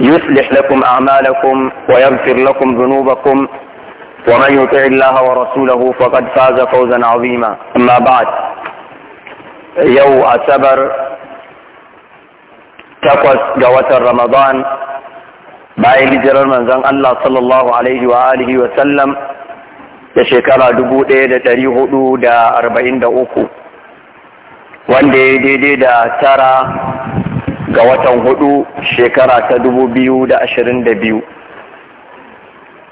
يصلح لكم أعمالكم ويغفر لكم ذنوبكم ومن يطع الله ورسوله فقد فاز فوزا عظيما أما بعد يو أسبر تقوس جوات رمضان bayan hijirar manzon Allah sallallahu alaihi wa alihi wa sallam da shekara uku, wanda ya daidai da tara ga watan hudu shekara ta dubu biyu da ashirin da biyu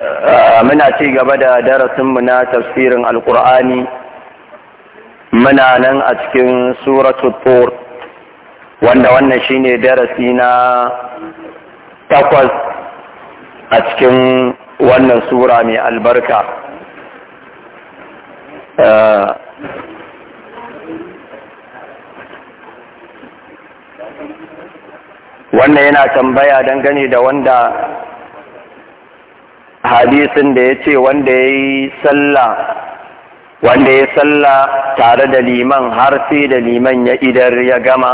ah, muna ci gaba da darasinmu na tafsirin alkur'ani muna nan a cikin suratul tur wanda wannan shine darasi na takwas a cikin wannan sura mai albarka ah, wannan yana tambaya dangane da wanda hadisin da ya ce wanda ya yi sallah wanda ya tsalla tare da liman har sai da liman ya idar ya gama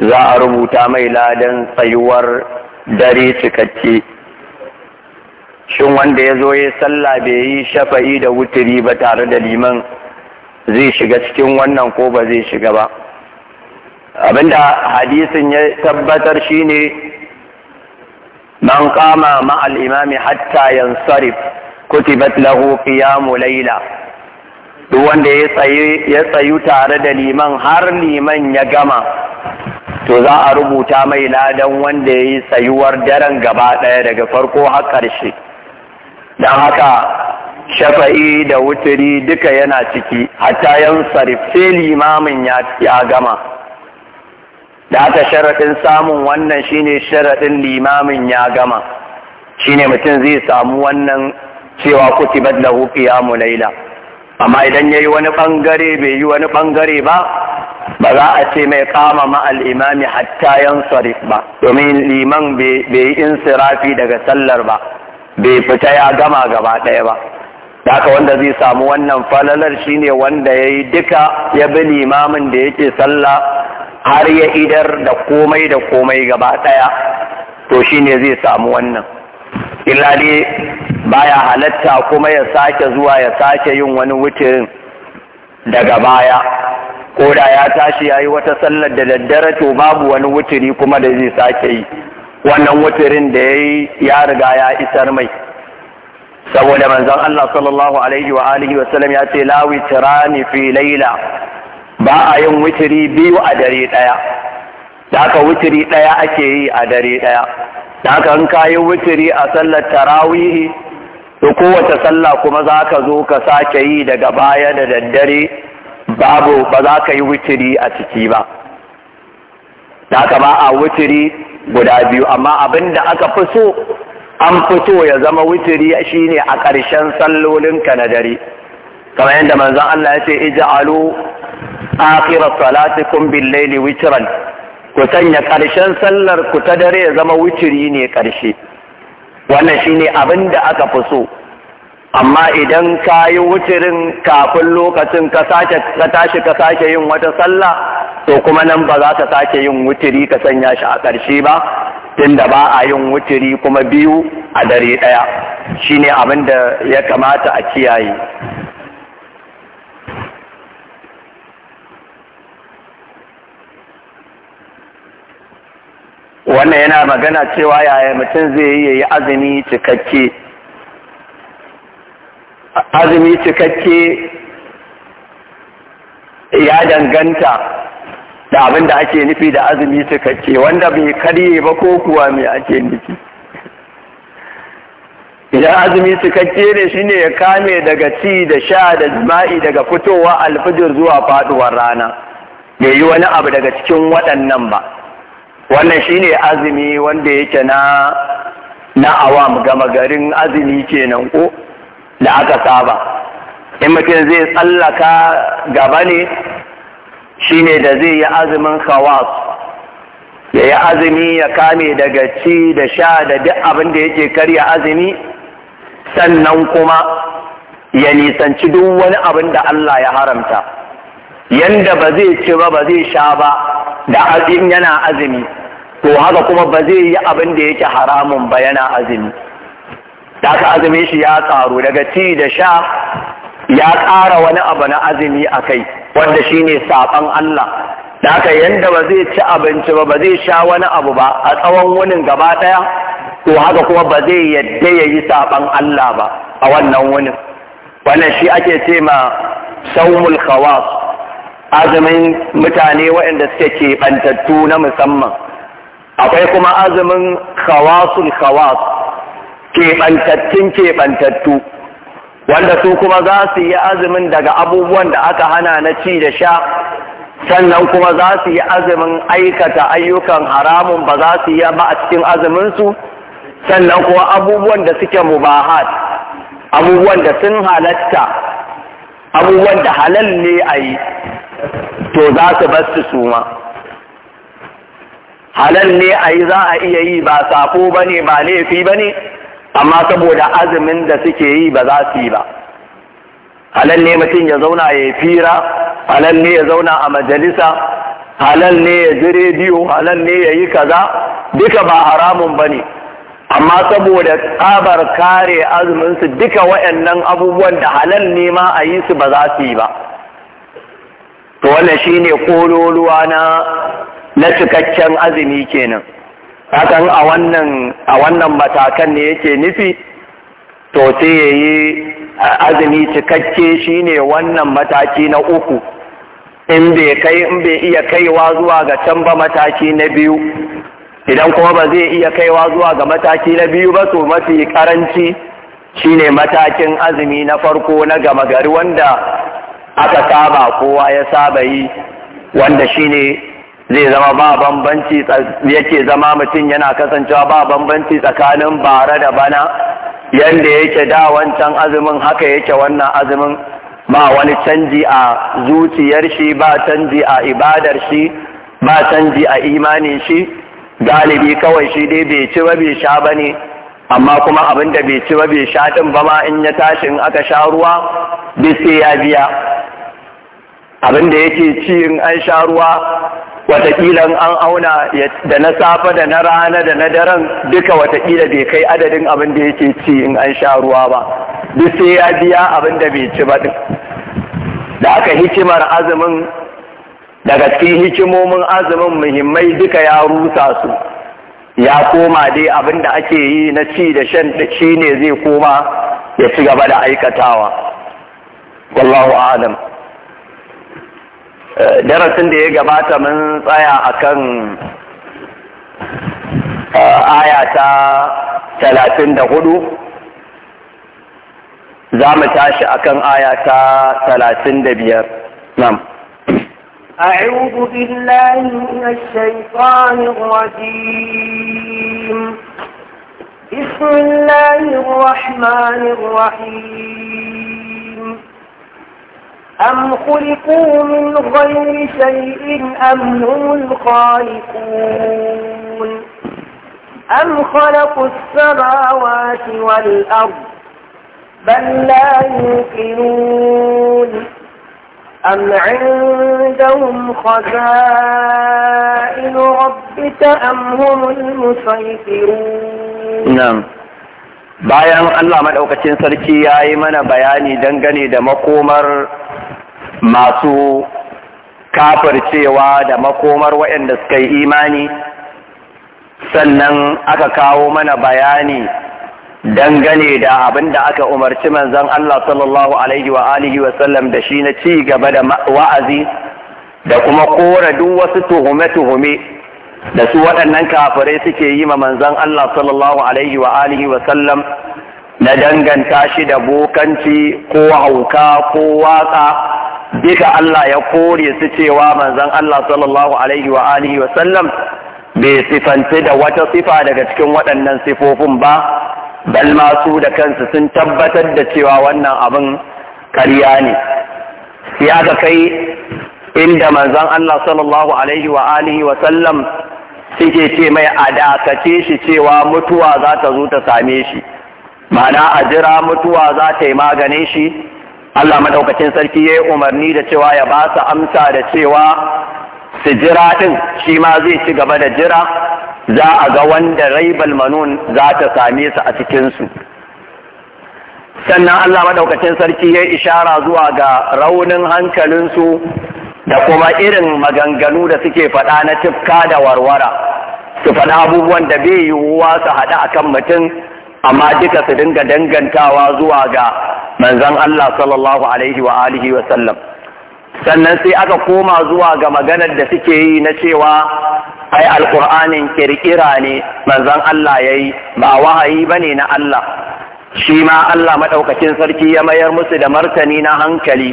za a rubuta mai ladan tsayuwar dare cikakke shin wanda ya zo ya sallah bai yi shafa'i da wuturi ba tare da liman zai shiga cikin wannan ko ba zai shiga ba abinda hadisin ya tabbatar shine man qama ma al-imami hatta yansarif kutibat lahu qiyamu layla duk wanda ya tsayu ya tsayu tare da liman har liman ya gama to za a rubuta mai ladan wanda ya yi tsayuwar daren gaba ɗaya daga farko har ƙarshe don haka shafa'i da wuturi duka yana ciki hatta yan sarif sai limamin ya gama da aka sharaɗin samun wannan shine sharaɗin limamin ya gama shine mutum zai samu wannan cewa kutibat lahu qiyamu laila amma idan yayi wani bangare bai yi wani bangare ba ba za a ce mai kama ma al-imami hatta yansarif ba domin liman bai yi insirafi daga sallar ba bai fita ya gama gaba ɗaya ba aka wanda zai samu wannan falalar shine wanda yayi duka ya bi limamin da yake sallah har ya idar da komai da komai gaba ɗaya to ne zai samu wannan ilali baya halatta kuma ya sake zuwa ya sake yin wani wutirin daga baya ko da ya tashi ya yi wata sallar da daddare to babu wani wutiri kuma da zai sake yi wannan wutirin da ya yi ya riga ya isar mai saboda manzan Allah sallallahu alaihi wa alihi wa ya ce lawi tirani fi laila ba a yin wuturi biyu a dare ɗaya da aka wuturi ɗaya ake yi a dare ɗaya da aka in ka yi wuturi a sallar tarawihi to kowace sallah kuma za ka zo ka sake yi daga baya da daddare babu ba za ka yi wuturi a ciki ba da aka ba a wuturi guda biyu amma abin da aka fi so an fito ya zama wutiri shine a ƙarshen sallolinka na dare kamar yadda manzon Allah ya ce ij'alu akirar salati kun layli witran ku sanya karshen sallar ku ta dare ya zama witri ne karshe wannan ne abin da aka fi so amma idan ka yi wucirin kafin lokacin ka tashi ka sake yin wata sallah to kuma nan ba za ka sake yin wuciri ka sanya shi a ƙarshe ba tunda ba a yin wuciri kuma biyu a dare ɗaya shine abin da ya kamata a kiyaye wannan yana magana cewa yaya mutum zai yi yayi azumi cikakke azumi cikakke ya danganta da abin da ake nufi da azumi cikakke wanda bai karye ba ko kuwa mai ake nufi idan azumi cikakke ne shine ya kame daga ci da sha da jima'i daga fitowa alfijir zuwa faduwar rana bai yi wani abu daga cikin waɗannan ba wannan shine azumi wanda yake na na awam gama garin azumi kenan ko da aka saba in mutum zai tsallaka gaba ne shine da zai yi azumin khawas ya yi azumi ya kame daga ci da sha da duk abin da yake karya azumi sannan kuma ya nisanci duk wani abin da Allah ya haramta yanda ba zai ci ba ba zai sha ba da azumi yana azumi to haka kuma ba zai yi abin da yake haramun ba yana azumi da aka azumin shi ya karu daga ci da sha ya kara wani abu na azumi a kai wanda shi ne saɓan Allah da aka yanda ba zai ci abinci ba ba zai sha wani abu ba a tsawon wunin gaba ɗaya to haka kuma ba zai yadda ya yi saɓan Allah ba a wannan wunin wannan shi ake ce ma saumul khawas azumin mutane waɗanda suke keɓantattu na musamman akwai kuma azumin khawasul khawas keɓantattun keɓantattu wanda su kuma za su yi azumin daga abubuwan da aka hana na ci da sha sannan kuma za su yi azumin aikata ayyukan haramun ba za su yi ba a cikin azuminsu sannan kuma abubuwan da suke mubahat abubuwan da sun halatta abubuwan da halal ne a yi to za su bar su suma halal ne a yi za a iya yi ba safo ba ne ba laifi ba ne amma saboda azumin da suke yi ba za su yi ba halal ne mutum ya zauna ya yi fira halal ne ya zauna a majalisa halal ne ya ji rediyo halal ne ya yi kaza duka ba haramun ba ne amma saboda tsabar kare azuminsu duka waɗannan abubuwan da halal ne ma a yi su ba za su yi ba to wannan shine kololuwa na na cikakken azumi kenan hakan a wannan a wannan matakan ne yake nufi to sai ya yayi azumi cikakke shi ne wannan mataki na uku in bai iya kaiwa zuwa ga can ba mataki na biyu idan kuma ba zai iya kaiwa zuwa ga mataki na biyu ba to mafi karanci shi ne matakin azumi na farko na gama gari wanda aka saba kowa ya saba yi wanda shine zai zama ba bambanci yake zama mutum yana kasancewa ba bambanci tsakanin bara da bana Yadda yake da wancan azumin haka yake wannan azumin ba wani canji a zuciyar shi ba canji a ibadar shi ba canji a imanin shi galibi kawai shi dai bai ci ba bai sha ba ne amma kuma abin da bai ci ba bai sha din ba ma in ya tashi in aka sha ruwa bai sai ya biya abin da yake ci in an sha ruwa watakila an auna da na safe da na rana da na daren duka watakila bai kai adadin abin da yake ci in an sha ruwa ba duk sai ya biya abin da bai ci ba din da aka hikimar azumin daga cikin hikimomin azumin muhimmai duka ya rusa su ya koma dai abin da ake yi na ci da shan da shi ne zai koma ya ci gaba da aikatawa wallahu alam eh, darasin da ya gabata mun tsaya akan eh, aya ta talatin da hudu za mu tashi akan aya ta talatin da biyar nan أعوذ بالله من الشيطان الرجيم بسم الله الرحمن الرحيم أم خلقوا من غير شيء أم هم الخالقون أم خلقوا السماوات والأرض بل لا يوقنون أم عندهم خزائن ربك أم هم المسيطرون نعم bayan Allah maɗaukacin sarki ya yi mana bayani dangane da makomar masu kafircewa da makomar waɗanda suka yi imani sannan aka kawo mana bayani dangane da abin da aka umarci manzon Allah sallallahu alaihi wa alihi wa sallam da shi na ci gaba da wa'azi da kuma kora duk wasu tuhume-tuhume da su waɗannan kafirai suke yi ma manzon Allah sallallahu alaihi wa alihi wa sallam na danganta shi da bokanci ko hauka ko waka duka Allah ya kore su cewa manzon Allah sallallahu alaihi wa alihi wa sallam bai sifanci da wata sifa daga cikin waɗannan sifofin ba bal su da kansu sun tabbatar da cewa wannan abin ƙarya ne Ya aka kai inda manzon Allah sallallahu alaihi wa alihi suke ce mai a dakace shi cewa mutuwa za ta zo ta same shi ma'ana a jira mutuwa za ta yi maganin shi Allah maɗaukacin sarki ya yi umarni da cewa ya ba su amsa da cewa su jira ɗin shi ma zai ci gaba da jira za a ga wanda raibal manun za ta same su a cikinsu sannan Allah maɗaukacin sarki ya ishara zuwa ga raunin hankalinsu da kuma irin maganganu da suke faɗa na tifka da warwara su faɗa abubuwan da bai yiwuwa su haɗa kan mutum amma duka su dinga dangantawa zuwa ga manzan Allah sallallahu alaihi wa alihi wa sallam sannan sai aka koma zuwa ga maganar da suke yi na cewa ai alkur'anin kirkira ne manzon Allah yayi ba wahayi ba ne na Allah shi ma Allah madaukakin sarki ya mayar musu da martani na hankali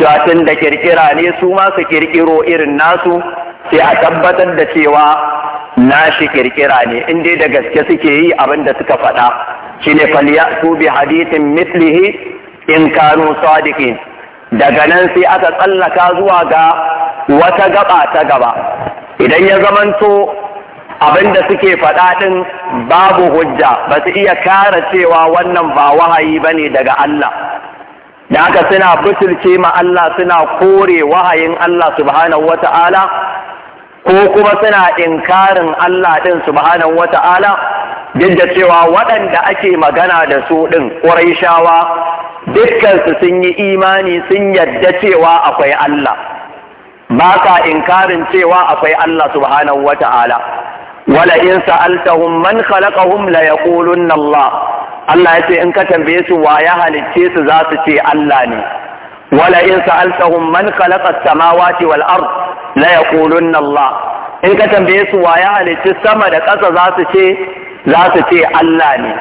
cewa tun da kirkira ne su ma su kirkiro irin nasu sai a tabbatar da cewa nashi kirkira ne in dai da gaske suke yi abin da suka faɗa shine falyatu bi hadithin mithlihi in kanu sadiqin daga nan sai aka tsallaka zuwa ga wata gaba ta gaba idan ya zamanto abinda suke faɗa ɗin babu hujja ba su iya kara cewa wannan ba wahayi ba ne daga Allah da haka suna butulce ma Allah suna kore wahayin Allah subhanahu wata'ala ko kuma suna inkarin Allah ɗin subhanahu wa ta'ala duk da cewa waɗanda ake magana da su ɗin ƙuraishawa dukkansu sun yi imani sun yadda cewa akwai Allah ba ka inkarin cewa akwai Allah subhanahu wa ta'ala wala in sa'altahum man khalaqahum la yaqulunna Allah Allah ya ce in ka tambaye su wa ya halicce su za su ce Allah ne wala in sa'altahum man khalaqa as-samawati wal ard la yaqulunna in ka tambaye su ya halicci sama da ƙasa za su ce za ce Allah ne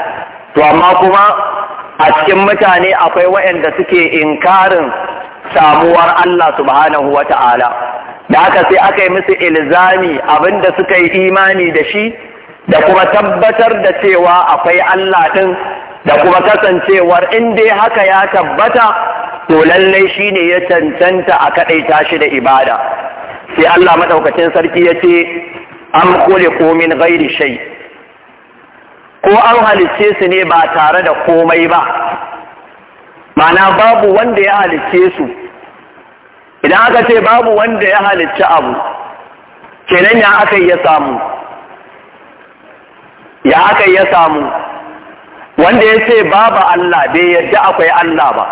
to amma kuma a cikin mutane akwai waɗanda suke inkarin sabuwar Allah subhanahu wa ta'ala da haka sai aka yi musu ilzami da suka yi imani da shi da kuma tabbatar da cewa akwai Allah ɗin da kuma kasancewar in dai haka ya tabbata to lallai ne ya cancanta a kaɗaita shi da ibada sai Allah maɗaukacin sarki ya ce an kole komin gairi shai ko an halicce su ne ba tare da komai ba mana babu wanda ya halicce su idan aka ce babu wanda ya halicci abu kenan ya aka ya samu ya aka ya samu wanda ya ce babu Allah bai yadda akwai Allah ba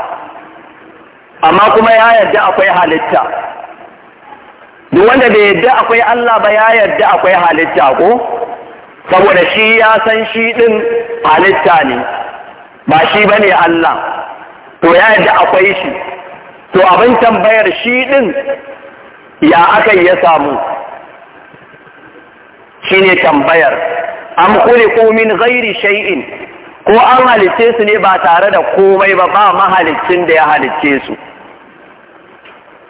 amma kuma ya yarda akwai halitta duk wanda bai yarda akwai Allah ba ya yarda akwai halitta ko saboda shi ya san shi din halitta ne ba shi ba ne Allah to ya yarda akwai shi to abin tambayar shi din ya aka ya samu shine tambayar an kuli komin zairi shai'in ko an halitce su ne ba tare da komai ba ba mahalicin da ya halicce su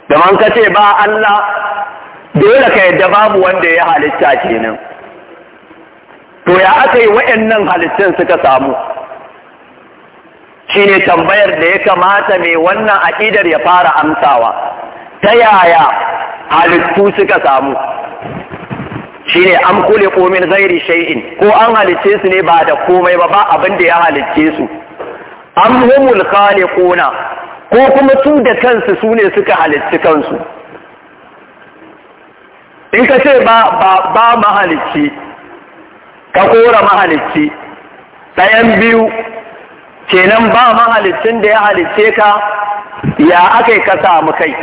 da man ka ce ba Allah dole ka yadda babu wanda ya halitta kenan to ya aka yi waɗannan halittun suka samu shine tambayar da ya kamata mai wannan aƙidar ya fara amsawa ta yaya halittu suka samu shine an kule komin zairi shay'in ko an halicce su ne ba da komai ba ba abin da ya halicce su am humul khaliquna ko kuma su da kansu su ne suka halitti kansu in ka ce ba mahalicci ka kora mahalicci ɗayan biyu kenan ba mahaliccin da ya halicce ka ya aka ka samu kai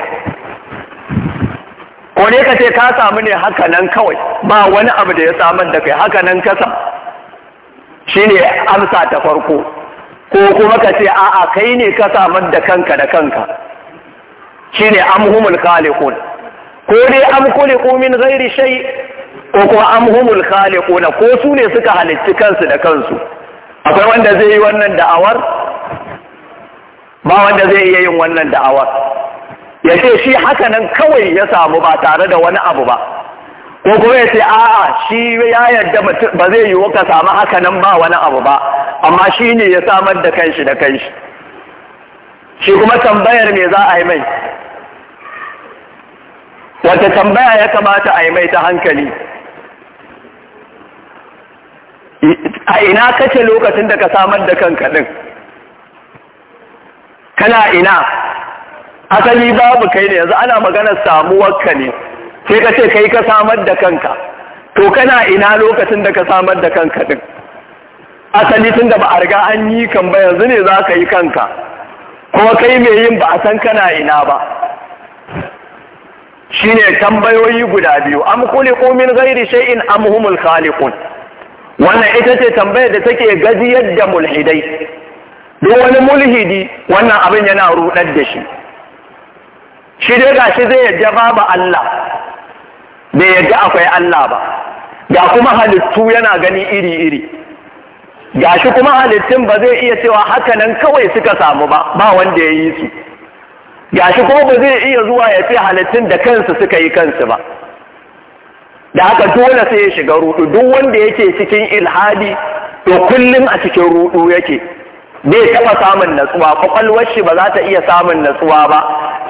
ko ka ce ka samu ne haka nan kawai ba wani abu da ya samun da kai haka nan kasa shi ne amsa ta farko ko kuma ka ce a'a kai ne ka samar da kanka da kanka ne amhumul khaliqun ko dai am khuliqu min ghairi shay ko kuma amhumul khaliquna ko su ne suka halicci kansu da kansu akwai wanda zai yi wannan da'awar ba wanda zai iya yin wannan da'awar ya ce shi haka nan kawai ya samu ba tare da wani abu ba ko kuma ya ce a shi ya yarda ba zai yiwu ka samu haka nan ba wani abu ba amma shi ne ya samar da kanshi da kanshi shi kuma tambayar me za a yi mai wata tambaya ya kamata a yi mai ta hankali a ina kace lokacin da ka samar da kanka ɗin kana ina asali babu kai ne yanzu ana maganar samuwar ka ne sai ka ce kai ka samar da kanka to kana ina lokacin da ka samar da kanka ɗin. asali tun da ba a riga an yi kan ba yanzu ne za ka yi kanka Ko kai mai yin ba a san kana ina ba Shi ne tambayoyi guda biyu am kuli min ghairi in am humul khaliqun wannan ita ce tambayar da take gajiyar da mulhidai duk wani mulhidi wannan abin yana rudar da shi shi dai shi zai yadda babu Allah bai yadda akwai Allah ba ga kuma halittu yana gani iri-iri ga shi kuma halittun ba zai iya cewa haka nan kawai suka samu ba ba wanda ya yi su ga shi kuma ba zai iya zuwa ya ce halittun da kansu suka yi kansu ba da haka dole sai ya shiga rudu duk wanda yake cikin ilhadi to kullum a cikin rudu yake bai taɓa samun natsuwa kwakwalwar shi ba za ta iya samun natsuwa ba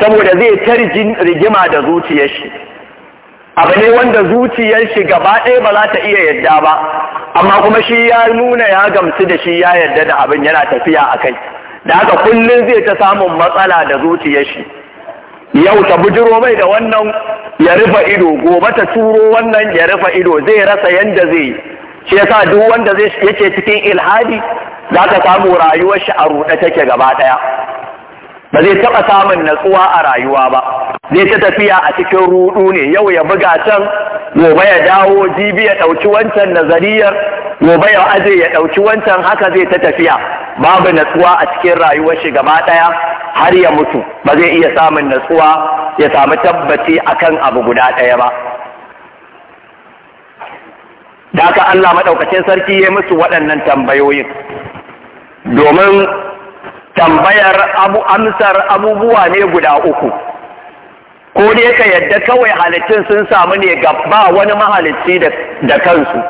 saboda zai ta rigima da zuciyar shi abu ne wanda zuciyar shi gaba ɗaya ba za ta iya yadda ba amma kuma shi ya nuna ya gamsu da shi ya yadda da abin yana tafiya a kai da haka kullum zai ta samun matsala da zuciyar shi yau ta bujiro mai da wannan ya rufe ido gobe ta turo wannan ya rufe ido zai rasa yanda zai shi yasa duk wanda zai yake cikin ilhadi za ka samu rayuwar shi a ruɗe take gaba ɗaya ba zai taɓa samun natsuwa a rayuwa ba zai ta tafiya a cikin rudu ne yau ya buga can gobe ya dawo jibi ya ɗauki wancan nazariyar gobe ya aje ya ɗauki wancan haka zai ta tafiya babu natsuwa a cikin rayuwar shi gaba ɗaya har ya mutu ba zai iya samun natsuwa ya samu tabbaci akan abu guda ɗaya ba da haka Allah maɗaukacin sarki ya musu waɗannan tambayoyin domin tambayar abu amsar abubuwa ne guda uku ko dai ka yadda kawai halittun sun samu ne ga ba wani mahalicci da kansu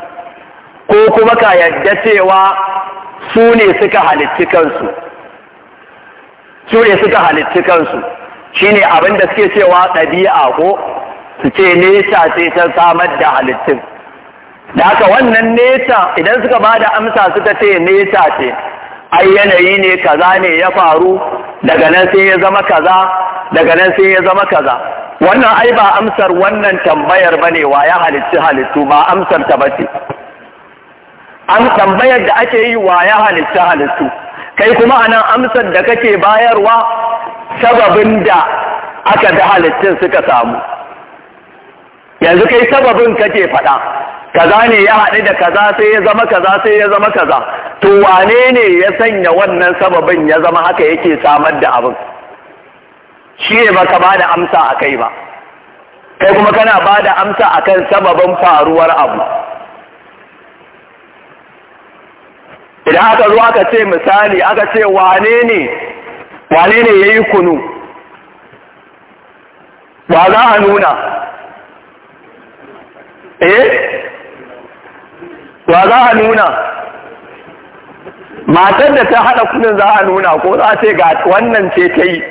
ko kuma ka yadda cewa su ne suka halicci kansu su ne suka halicci kansu shine abin da suke cewa ɗabi'a ko su ce nesa ce ta samar da halittun da haka wannan nesa idan suka ba da amsa suka ce nesa ce ai yanayi ne kaza ne ya faru daga nan sai ya zama kaza daga nan sai ya zama kaza wannan ai ba amsar wannan tambayar bane wa ya halicci halittu ba amsar ta bace an tambayar da ake yi wa ya halicci halittu kai kuma anan amsar da kake bayarwa sababin da aka da halittun suka samu yanzu kai sababin kake faɗa kaza ne ya haɗu da kaza sai ya zama kaza sai ya zama kaza to wane ne ya sanya wannan sababin ya zama haka yake samar da abin shi ne baka ba da amsa a kai ba kai kuma kana ba da amsa a kan sababin faruwar abu idan aka zo aka ce misali aka ce wane ne wane ne ya yi kunu wa za a nuna eh wa za a nuna matar da ta haɗa kudin za a nuna ko za a ce ga wannan ce ta yi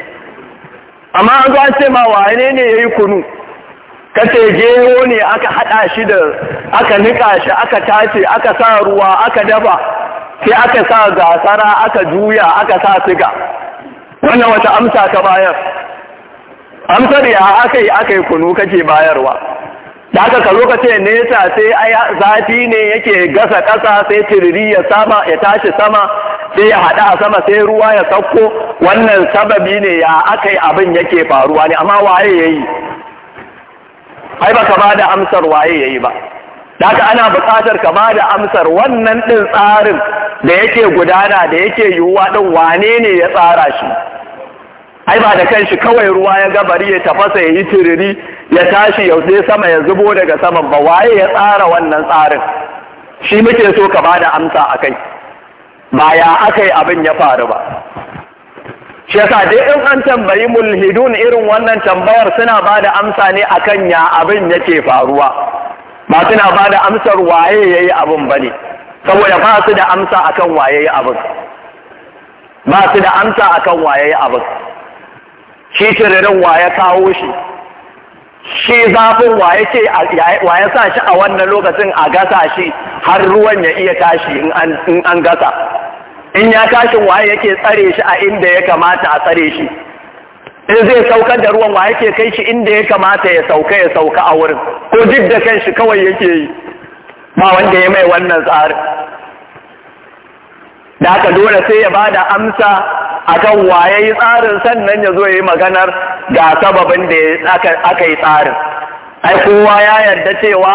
amma an zo ce ma wane ne ya yi kunu Ka ce gero ne aka haɗa shi da aka niƙa shi aka tace aka sa ruwa aka dafa sai aka sa gasara aka juya aka sa siga wannan wata amsa ka bayar amsar ya aka yi aka yi kunu kake bayarwa da haka ka ka ce nesa sai ai zafi ne yake gasa ƙasa sai tiriri ya sama ya tashi sama sai ya haɗa a sama sai ruwa ya sauko wannan sababi ne ya aka yi abin yake faruwa ne amma waye ya yi ai baka ba da amsar waye ya yi ba da haka ana buƙatar ka ba da amsar wannan ɗin tsarin da yake gudana da yake yiwuwa ɗin wane ne ya tsara shi ai ba da kanshi kawai ruwa ya gabari ya tafasa ya yi tiriri ya tashi ya sai sama ya zubo daga saman ba waye ya tsara wannan tsarin shi muke so ka bada amsa a kai ba ya aka yi abin ya faru ba shi yasa dai in an tambayi mulhidun irin wannan tambayar suna bada amsa ne akan ya abin yake faruwa ba suna bada amsar waye yayi abin bane saboda ba su da amsa akan waye yayi abin ba su da amsa akan waye yayi abin shi shiririn wa ya kawo shi shi zafin wa ya ce wa sa shi a wannan lokacin a gasa shi har ruwan ya iya tashi in an gasa in ya tashin waye yake tsare shi a inda ya kamata a tsare shi in zai saukar da ruwan waye ke kai shi inda ya kamata ya sauka ya sauka a wurin ko duk da kan shi kawai yake yi ba wanda ya mai wannan tsarin da aka dole sai ya bada amsa akan waye tsarin sannan ya zo ya yi maganar ga sababin da aka yi tsarin ai kowa ya yarda cewa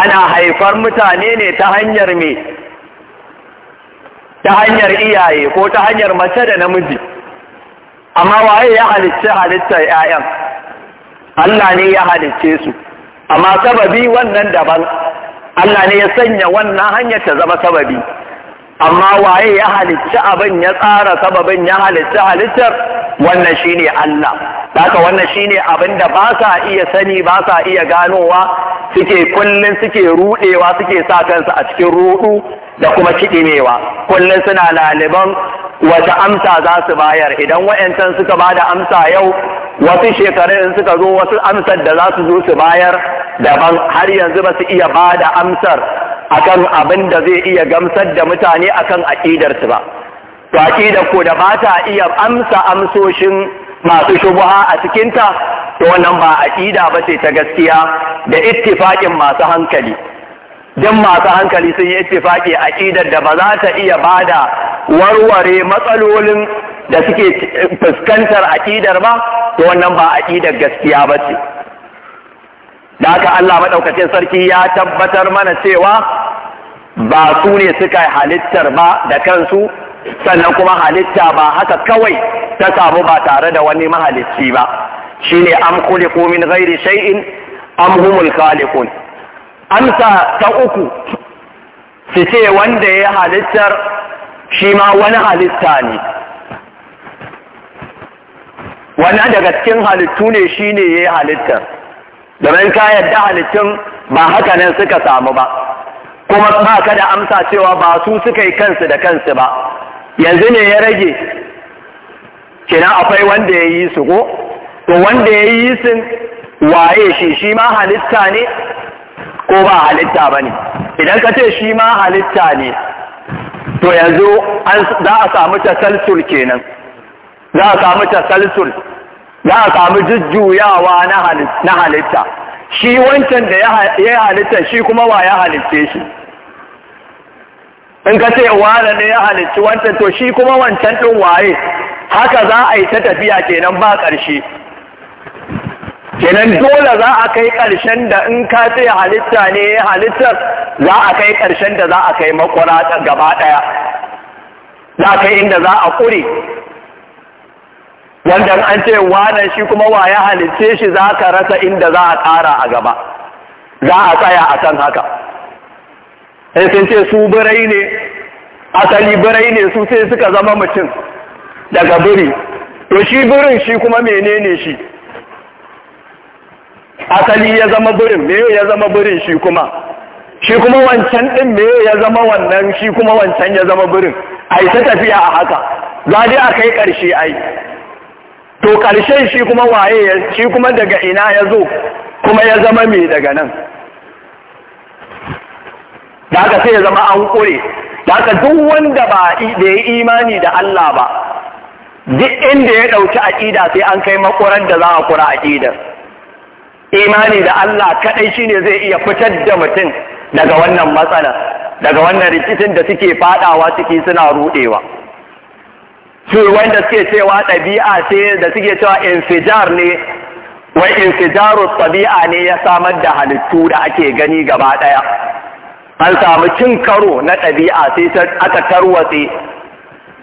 ana haifar mutane ne ta hanyar me ta hanyar iyaye ko ta hanyar mace da namiji amma waye ya halicce halitta 'ya'yan Allah ne ya halicce su amma sababi wannan daban Allah ne ya sanya wannan hanyar ta zama sababi amma waye ya halicci abin ya tsara sababin ya halicci halittar wannan shine Allah haka wannan shine abin da ba sa iya sani ba sa iya ganowa suke kullun suke rudewa suke sa kansu a cikin rudu da kuma kidinewa kullun suna laliban wata amsa za su bayar idan wa'yancan suka ba da amsa yau wasu in suka zo wasu amsar da za su zo su bayar daban har yanzu ba su iya ba da amsar akan abin da zai iya gamsar da mutane akan aƙidarsu ba to aƙidar ko da ba ta iya amsa amsoshin masu shubuha a cikinta to wannan ba aƙida ba ce ta gaskiya da ittifaƙin masu hankali don masu hankali sun yi ittifaƙi aƙidar da ba za ta iya bada warware matsalolin da suke fuskantar aƙidar ba to wannan ba aƙidar gaskiya ba ce da haka Allah maɗaukacin sarki ya tabbatar mana cewa ba su ne suka halittar ba da kansu sannan kuma halitta ba haka kawai ta samu ba tare da wani mahalicci ba shine an kuli komin ghairi shay'in an humul amsa ta uku su ce wanda ya halittar shi ma wani halitta ne wannan daga cikin halittu ne shine ya halittar domin kayan da halittun ba haka nan suka samu ba kuma ba ka da amsa cewa ba su suka yi kansu da kansu ba yanzu ne ya rage kina akwai wanda ya yi su ko to wanda ya yi sun waye shi shi ma halitta ne ko ba halitta ba ne idan ka ce shi ma halitta ne to yanzu za a samu tasalsul kenan za a samu tasalsul za a samu jujjuyawa na halitta shi wancan da ya halitta shi kuma wa ya halitta shi in ka ce wane ne ya halicci wancan to shi kuma wancan ɗin waye haka za a yi ta tafiya kenan ba ƙarshe kenan dole za a kai ƙarshen da in ka ce halitta ne ya halittar za a kai ƙarshen da za a kai makwara ta gaba ɗaya za a kai inda za a ƙure wanda an ce wane shi kuma wa ya halicce shi za ka rasa inda za a ƙara a gaba za a tsaya a kan haka sai eh, sun ce su birai ne asali birai ne su sai suka zama mutum daga biri to shi birin shi kuma menene shi asali ya zama birin me ya zama birin shi kuma shi kuma wancan din me ya zama wannan shi kuma wancan ya zama birin ai ta tafiya a haka za dai a kai ƙarshe ai to ƙarshen shi kuma waye shi kuma daga ina ya zo kuma ya zama me daga nan da haka sai ya zama an kore da haka duk wanda ba da ya imani da Allah ba duk inda ya ɗauki aƙida sai an kai makoran da za a kura aƙidar imani da Allah kaɗai shine zai iya fitar da mutum daga wannan matsala daga wannan rikicin da suke faɗawa ciki suna ruɗewa su wanda suke cewa ɗabi'a sai da suke cewa infijar ne wai infijarus ɗabi'a ne ya samar da halittu da ake gani gaba ɗaya an samu cin karo na ɗabi'a sai aka tarwatse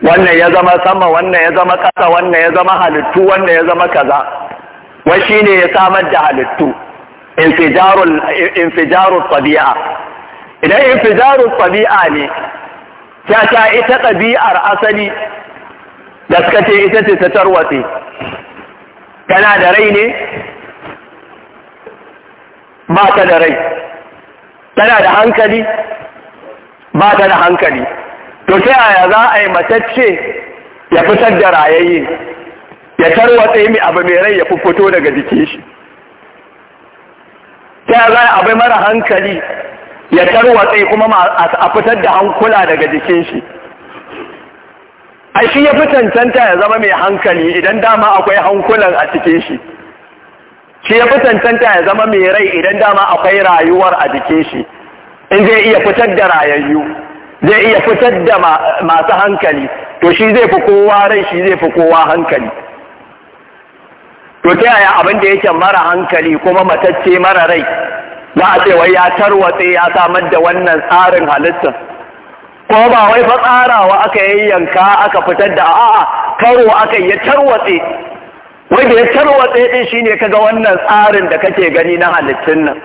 wannan ya zama sama wannan ya zama ƙasa wannan ya zama halittu wannan ya zama kaza wai shine ya samar da halittu infijarul tabi'a idan infijarul tabi'a ne ta ta ita ɗabi'ar asali da suka ce ita ce ta tarwatse tana da rai ne ba ta da rai tana da hankali ba ta da hankali to sai yaya za a yi matacce ya fitar da rayayye ya tarwatse mai abu mai rai ya fito daga jiki shi ta za a abu mara hankali ya tarwatse kuma a fitar da hankula daga jikin shi a shi ya fi ya zama mai hankali idan dama akwai hankulan a cikin shi shi ya fi cancanta ya zama mai rai idan dama akwai rayuwar a jike shi in zai iya fitar da rayayyu zai iya fitar da masu hankali to shi zai fi kowa rai shi zai fi kowa hankali to ta yaya abin da yake mara hankali kuma matacce mara rai za a ce ya tarwatse ya samar da wannan tsarin halittar ko ba wai fa tsarawa aka yayyanka aka fitar da a'a karo aka yi tarwatse wanda ya tarwatse din shine kaga wannan tsarin da kake gani na halittun nan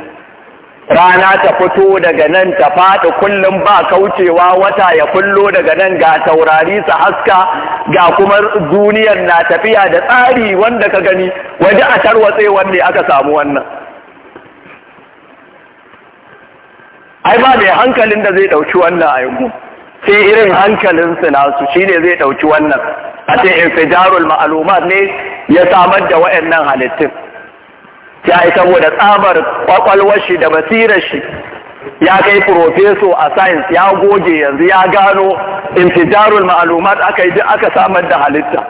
rana ta fito daga nan ta faɗi kullum ba kaucewa wata ya kullo daga nan ga taurari su haska ga kuma duniyar na tafiya da tsari wanda ka gani waje a tarwatse wanda aka samu wannan ai ba mai hankalin da zai ɗauki wannan a yanzu sai irin hankalin su nasu shine zai ɗauki wannan a ce infijarul ma'alumat ne ya samar da wayannan halittun ya yi saboda tsabar kwakwalwar shi da basirar shi ya kai profeso a science ya goge yanzu ya gano intijarul ma'alumat aka yi aka samar da halitta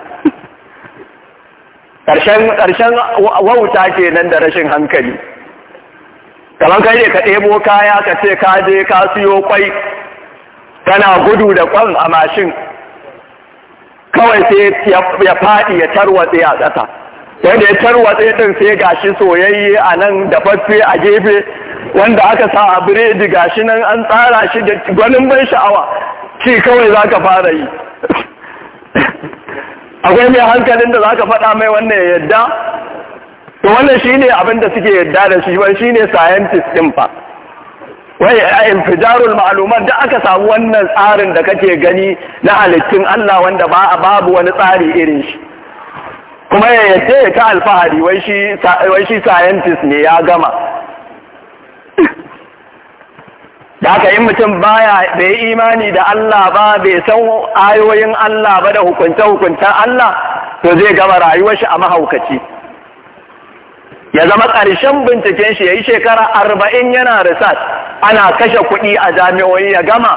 ƙarshen wauta ke nan da rashin hankali kamar kai ne ka ɗebo kaya ka ce ka je ka siyo kwai kana gudu da kwan a mashin kawai sai ya faɗi ya tarwatse a ƙasa sai da ya tarwatse din sai gashi soyayye a nan da fasfe a gefe wanda aka sa a biredi gashi nan an tsara shi da gwanin ban sha'awa ci kawai za ka fara yi akwai mai hankalin da za ka faɗa mai wannan yadda to wannan shi ne abin suke yadda da shi wani shi ne scientist ɗin fa wai a infijarul ma'lumat da aka samu wannan tsarin da kake gani na halittun Allah wanda ba babu wani tsari irin shi kuma ya yadda ya ta alfahari wai shi wai scientist ne ya gama da haka in mutum baya bai imani da Allah ba bai san ayoyin Allah ba da hukunta hukunta Allah to zai gama rayuwar shi a mahaukaci ya zama ƙarshen binciken shi ya yi shekara arba'in yana risat ana kashe kuɗi a jami'o'i ya gama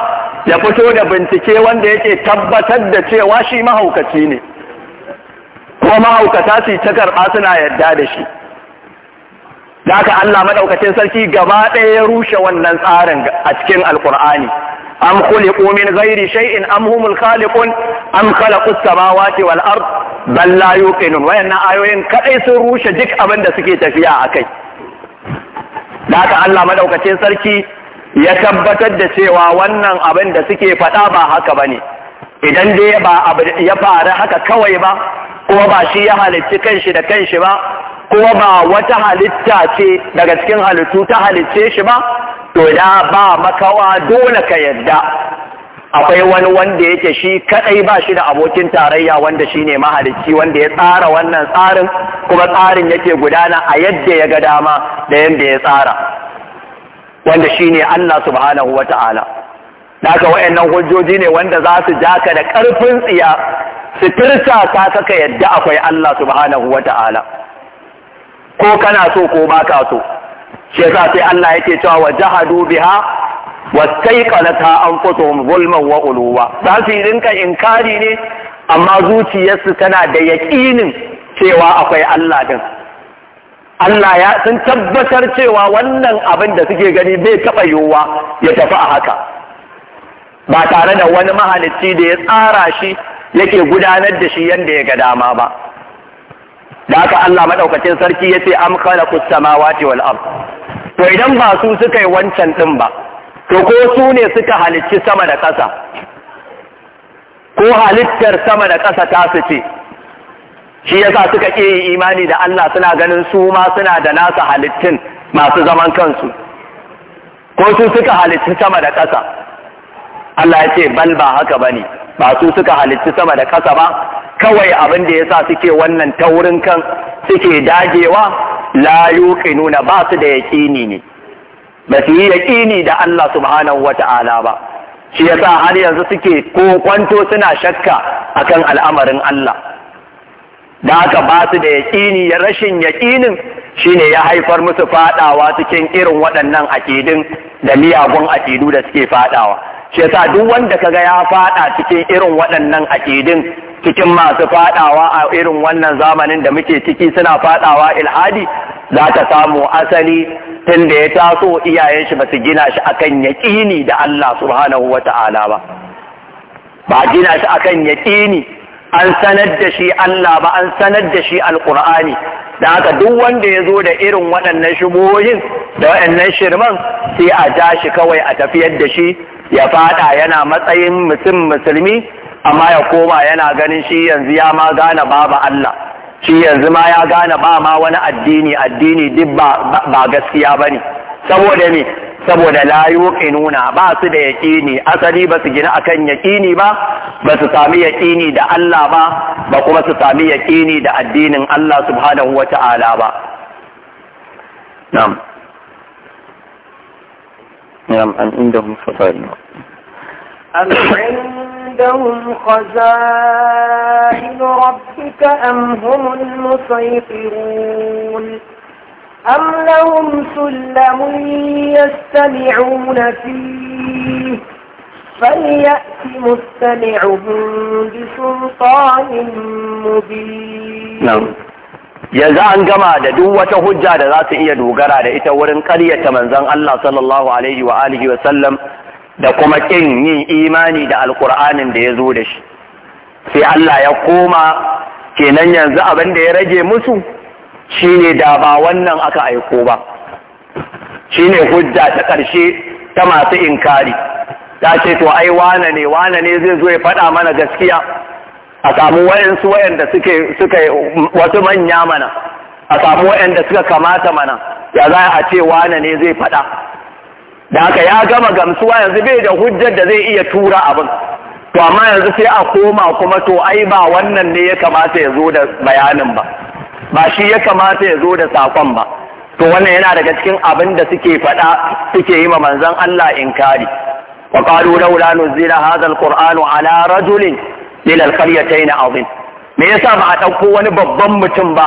ya fito da bincike wanda yake tabbatar da cewa shi mahaukaci ne ko mahaukata su ta karɓa suna yadda da shi da haka Allah madaukakin sarki gaba ɗaya ya rushe wannan tsarin a cikin alkur'ani am khuliqu min ghairi shay'in am humul khaliqun am khalaqu samawati wal ard bal la yuqinun wayannan ayoyin kadai sun rushe duk abin da suke tafiya akai da haka Allah madaukakin sarki ya tabbatar da cewa wannan abin da suke faɗa ba haka bane idan dai ba ya faru haka kawai ba kuma ba shi ya halicci kanshi da kanshi ba kuma ba wata halitta ce daga cikin halittu ta halitce shi ba to da ba makawa dole ka yadda akwai wani wanda yake shi kadai ba shi da abokin tarayya wanda shi ne mahalicci wanda ya tsara wannan tsarin kuma tsarin yake gudana a yadda ya ga dama da yadda ya tsara wanda shi ne Allah subhanahu wa ta'ala daga wayannan hujjoji ne wanda za su ja ka da ƙarfin tsiya su tirsa ka kaka yadda akwai Allah subhanahu wa ta'ala ko kana so ko ba ka so shi yasa sai Allah yake cewa wa jahadu biha wa taiqanata anfusuhum zulman wa uluwa za su yi inkari ne amma zuciyarsu tana da yaƙinin cewa akwai Allah din Allah ya sun tabbatar cewa wannan abin da suke gani bai taba yiwuwa ya tafi a haka ba tare da wani mahalicci da ya tsara shi yake gudanar da shi yadda ya ga dama ba da aka Allah maɗaukacin sarki yace am khalaqus samawati wal ard to idan ba su suka yi wancan ɗin ba to ko su ne suka halicci sama da ƙasa ko halittar sama da ƙasa ta su ce shi sa suka ƙi yi imani da Allah suna ganin su ma suna da nasa halittin masu zaman kansu ko su suka halicci sama da ƙasa Allah ya ce bal ba haka bane ba su suka halicci sama da ƙasa ba kawai abin da ya sa suke wannan taurin kan suke dagewa la nuna ba su da yaƙini ne ba su yi yaqini da Allah subhanahu wata'ala ba shi yasa har yanzu suke ko kwanto suna shakka akan al'amarin Allah da haka ba su da yaƙini ya rashin yaƙinin shine ya haifar musu faɗawa cikin irin waɗannan aƙidin da miyagun aƙidu da suke faɗawa. shi yasa duk wanda kaga ya faɗa cikin irin waɗannan aƙidin cikin masu fadawa a irin wannan zamanin da muke ciki suna fadawa ilhadi za ta samu asali tun da ya taso iyayen shi ba su gina shi akan yaƙini da Allah subhanahu wa ta'ala ba ba gina shi akan yaƙini an sanar da shi Allah ba an sanar da shi alƙur'ani da haka duk wanda ya zo da irin waɗannan shubohin da waɗannan shirman sai a ja shi kawai a tafiyar da shi ya fada yana matsayin mutum musulmi amma ya koma yana ganin shi yanzu ya ma gane babu Allah shi yanzu ma ya gane ba ma wani addini addini duk ba gaskiya ba ne saboda ne saboda layu nuna ba su da yaƙini asali ba su gina akan yaƙini ba ba su sami yaƙini da Allah ba ba kuma su sami yaƙini da addinin Allah subhanahu wa ta'ala ba nam an inda mu fa'alna عندهم خزائن ربك أم هم المسيطرون أم لهم سلم يستمعون فيه فليأت مستمعهم بسلطان مبين نعم yanzu an gama da duk wata hujja da za su iya dogara da ita wurin ƙaryata manzon Allah sallallahu alaihi wa alihi wa sallam da kuma ƙin yin imani da alkur'anin da ya zo da shi sai Allah ya koma kenan yanzu abin da ya rage musu shine da ba wannan aka aiko ba shine hujja ta ƙarshe ta masu inkari ta ce to ai wane ne wane ne zai zo ya faɗa mana gaskiya a samu wayansu wayanda suke suka wasu manya mana a samu wayanda suka kamata mana ya za a ce wane ne zai faɗa da haka ya gama gamsuwa yanzu bai da hujjar da zai iya tura abin to amma yanzu sai a koma kuma to ai ba wannan ne ya kamata ya zo da bayanin ba ba shi ya kamata ya zo da sakon ba to wannan yana daga cikin abin da suke faɗa suke yi ma manzon Allah inkari wa qalu laula nuzila hadha alquran ala rajulin min alqaryatayn azim me yasa ba a dauko wani babban mutum ba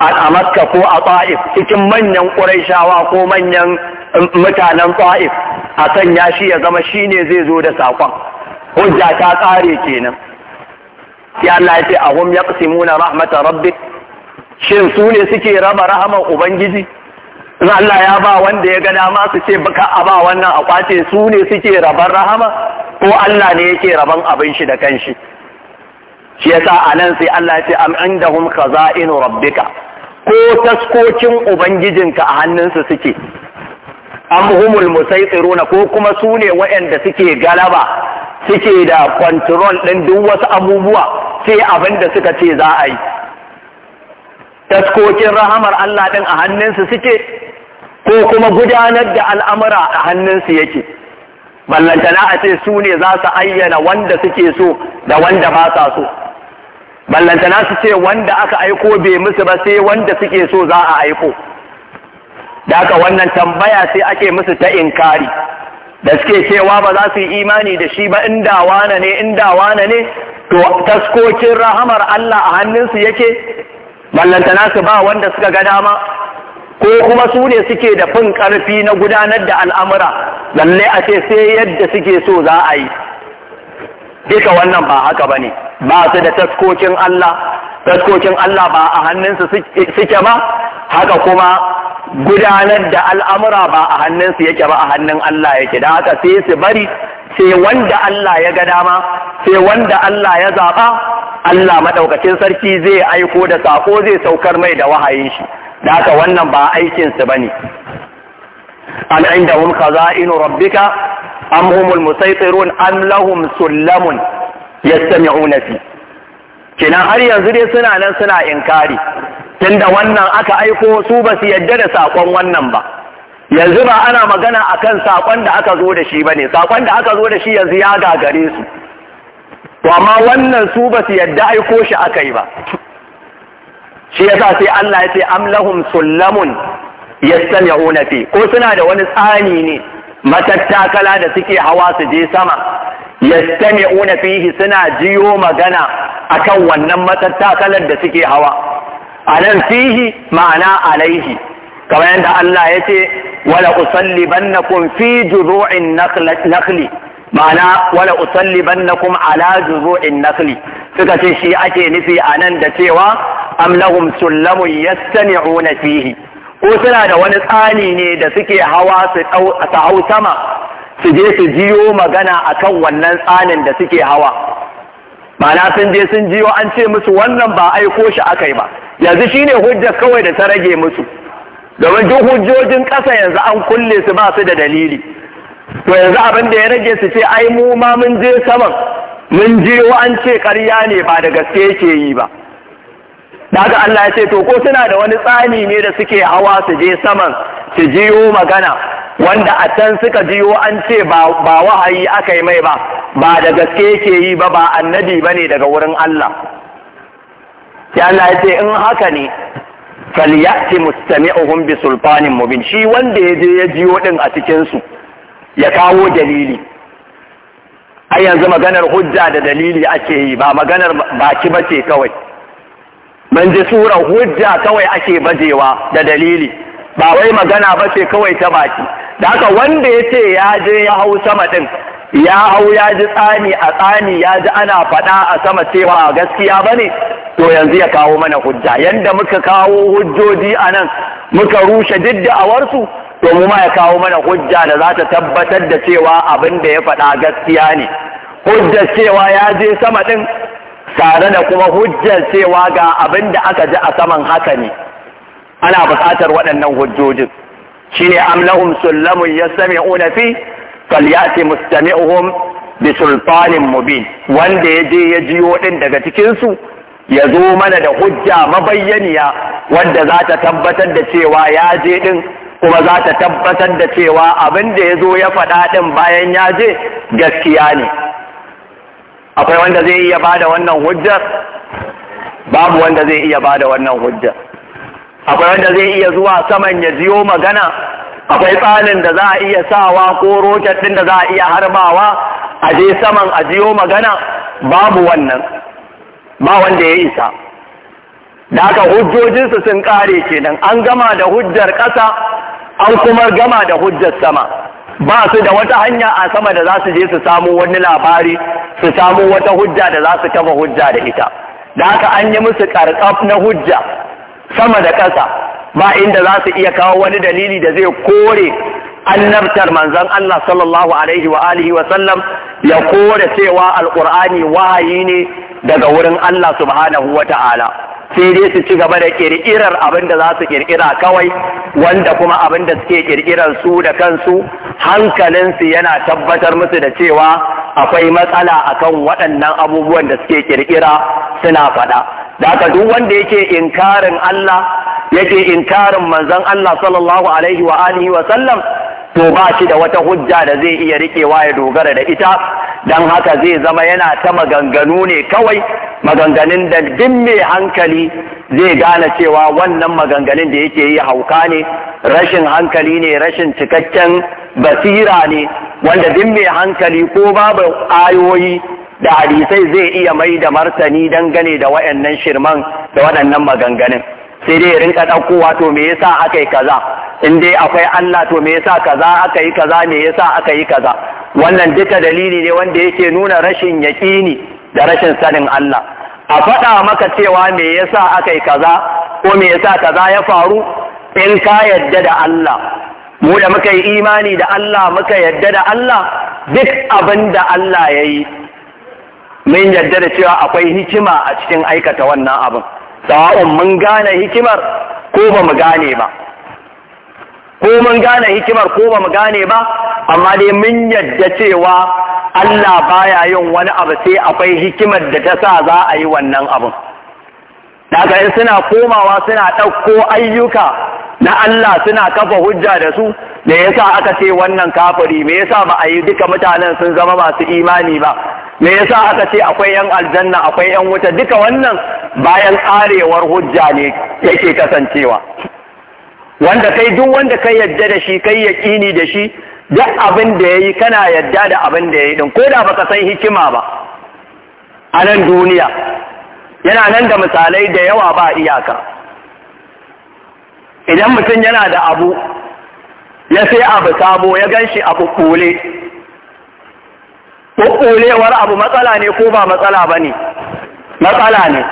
a makka ko a ta'if cikin manyan ƙuraishawa ko manyan um, mutanen ta'if a ya shi ya zama shi ne zai zo da saƙon hujja ta ƙare kenan ya Allah ya ce a hum yaqsimuna rahmatar rabbi? shin su ne suke raba rahaman ubangiji in Allah ya ba wanda ya ga dama su ce baka a ba wannan a kwace su ne suke raban rahama ko Allah ne yake raban abin shi da kanshi shi yasa nan sai Allah ya ce am indahum khaza'inu rabbika ko taskokin ubangijinka a hannunsu suke an humul na ko kuma su ne waɗanda suke galaba suke da kwantiron ɗin duk wasu abubuwa sai abin da suka ce za a yi taskokin rahamar Allah ɗin a hannunsu suke ko kuma gudanar da al'amura a hannunsu yake ballantana a ce su ne za su ayyana wanda suke so da wanda ba sa so ballantana su ce wanda aka aiko bai musu ba sai wanda suke so za a aiko da aka wannan tambaya sai ake musu ta inkari da suke cewa ba za su yi imani da shi ba inda wane ne inda wane ne to taskokin rahamar Allah a hannunsu yake ballantana su ba wanda suka ga dama ko kuma su ne suke da fin karfi na gudanar da al'amura lalle a ce sai yadda suke so za a yi duka wannan ba haka bane ba su da taskokin Allah taskokin Allah ba a hannunsu suke ba haka kuma gudanar da al'amura ba a hannunsu yake ba a hannun Allah yake da haka sai su bari sai wanda Allah ya ga dama sai wanda Allah ya zaɓa Allah maɗaukacin sarki zai aiko da saƙo zai saukar mai da wahayin shi da haka wannan ba aikinsu ba ne an kaza inu rabbika am humul musaitirun am lahum sullamun yastami'una fi kenan har yanzu dai suna nan suna inkari tunda wannan aka aiko su ba su yadda da sakon wannan ba yanzu ba ana magana akan sakon da aka zo da shi bane sakon da aka zo da shi yanzu ya gagare su to amma wannan su ba su yadda aiko shi aka yi ba shi yasa sai Allah ya ce am lahum sullamun yastami'una fi ko suna da wani tsani ne matattakala da suke hawa su je sama yastami'una fihi suna jiyo magana akan wannan matattakalar da suke hawa anan fihi ma'ana alaihi kamar yadda Allah ya ce wala usallibannakum fi juzu'in nakhli ma'ana wala usallibannakum ala juzu'in nakhli suka ce shi ake nufi anan da cewa am lahum sullamun yastami'una fihi ko suna da wani tsani ne da suke hawa su hau sama su je su jiyo magana akan wannan tsanin da suke hawa mana sun je sun jiyo an ce musu wannan ba aiko shi aka yi ba yanzu shi ne hujjar kawai da ta rage musu domin duk hujjojin ƙasa yanzu an kulle su ba su da dalili to yanzu abin da ya rage su ce ai mu ma mun je saman mun jiyo an ce ƙarya ne ba da gaske yake yi ba da haka Allah ya ce to ko suna da wani tsani ne da suke hawa su je saman su jiyo magana wanda a can suka jiyo an ce ba wahayi aka yi mai ba ba da gaske yake yi ba ba annabi ba ne daga wurin Allah sai Allah ya ce in haka ne falyati mustami'uhum bi sulfanin mubin shi wanda ya je ya jiyo din a cikin su ya kawo dalili ai yanzu maganar hujja da dalili ake yi ba maganar baki bace kawai man ji sura hujja kawai ake bajewa da dalili ba wai magana ba ce kawai ta baki da haka wanda ya ce ya je ya hau sama ɗin, ya hau ya ji tsani a tsani ya ji ana faɗa a sama cewa gaskiya ba ne to yanzu ya kawo mana hujja yanda muka kawo hujjoji a nan muka rushe duk a warsu, to mu ma ya kawo mana hujja da za ta tabbatar da cewa abin da ya faɗa gaskiya ne hujjar cewa ya je sama ɗin tare da kuma hujjar cewa ga abin da aka ji a saman haka ne ana buƙatar waɗannan hujjojin shine am lahum sullamun yastami'una fi falyati mustami'uhum bi sultanin mubin wanda ya je ya jiyo din daga cikinsu? ya zo mana da hujja mabayyaniya wanda za ta tabbatar da cewa ya je ɗin, kuma za ta tabbatar da cewa abin da ya zo ya faɗa ɗin bayan ya je gaskiya ne akwai wanda zai iya bada wannan hujjar babu wanda zai iya bada wannan hujjar akwai wanda zai iya zuwa saman ya jiyo magana akwai tsalin da za a iya sawa ko roket ɗin da za a iya harbawa a je saman a jiyo magana babu wannan ba wanda ya isa da haka hujjojinsu sun kare kenan an gama da hujjar ƙasa an kuma gama da hujjar sama ba su da wata hanya a sama da za su je su samu wani labari su samu wata hujja da za su kafa hujja da ita da haka an yi musu karkaf na hujja sama da ƙasa ba inda za su iya kawo wani dalili da zai kore annabtar manzon Allah sallallahu alaihi wa alihi wa sallam ya kore cewa alqur'ani wahayi ne daga wurin Allah subhanahu wa ta'ala sai dai su ci gaba da ƙirƙirar abin da za su kirkira kawai wanda kuma abin da suke kirkirar su da kansu hankalinsu yana tabbatar musu da cewa akwai matsala akan waɗannan abubuwan da suke ƙirƙira suna faɗa da haka duk wanda yake inkarin Allah yake inkarin manzon Allah sallallahu alaihi wa alihi wa sallam to ba shi da wata hujja da zai iya rikewa ya dogara da ita don haka zai zama yana ta maganganu ne kawai maganganun da duk mai hankali zai gane cewa wannan maganganun da yake yi hauka ne rashin hankali ne rashin cikakken basira ne wanda duk mai hankali ko babu ayoyi da hadisai zai iya mai da martani dangane da waɗannan shirman da waɗannan maganganun sai dai ya rinka ɗaukowa to me yasa aka yi kaza in dai akwai Allah to me yasa kaza aka yi kaza me yasa aka yi kaza wannan duka dalili ne wanda yake nuna rashin yaƙini da rashin sanin Allah a faɗa maka cewa me yasa aka yi kaza ko me yasa kaza ya faru in ka yadda da Allah mu da muka yi imani da Allah muka yadda da Allah duk abin da Allah ya yi mun yadda da cewa akwai hikima a cikin aikata wannan abin sawa'un mun gane hikimar ko ba mu gane ba ko mun gane hikimar ko ba mu gane ba amma dai mun yadda cewa Allah baya yin wani abu sai akwai hikimar da ta sa za a yi wannan abun. daga in suna komawa suna ɗauko ayyuka na Allah suna kafa hujja da su me yasa aka ce wannan kafiri me yasa ba a yi duka mutanen sun zama masu imani ba me yasa aka ce akwai yan aljanna akwai yan wuta duka wannan bayan arewar hujja ne yake kasancewa wanda kai duk wanda kai yadda da shi kai yakini da shi duk abin da yayi kana yadda da abin da yayi din ko da baka san hikima ba a nan duniya yana nan da misalai da yawa ba iyaka idan mutum yana da abu ya sai abu sabo ya gan shi abu kule kulewar abu matsala ne ko ba matsala ba ne matsala ne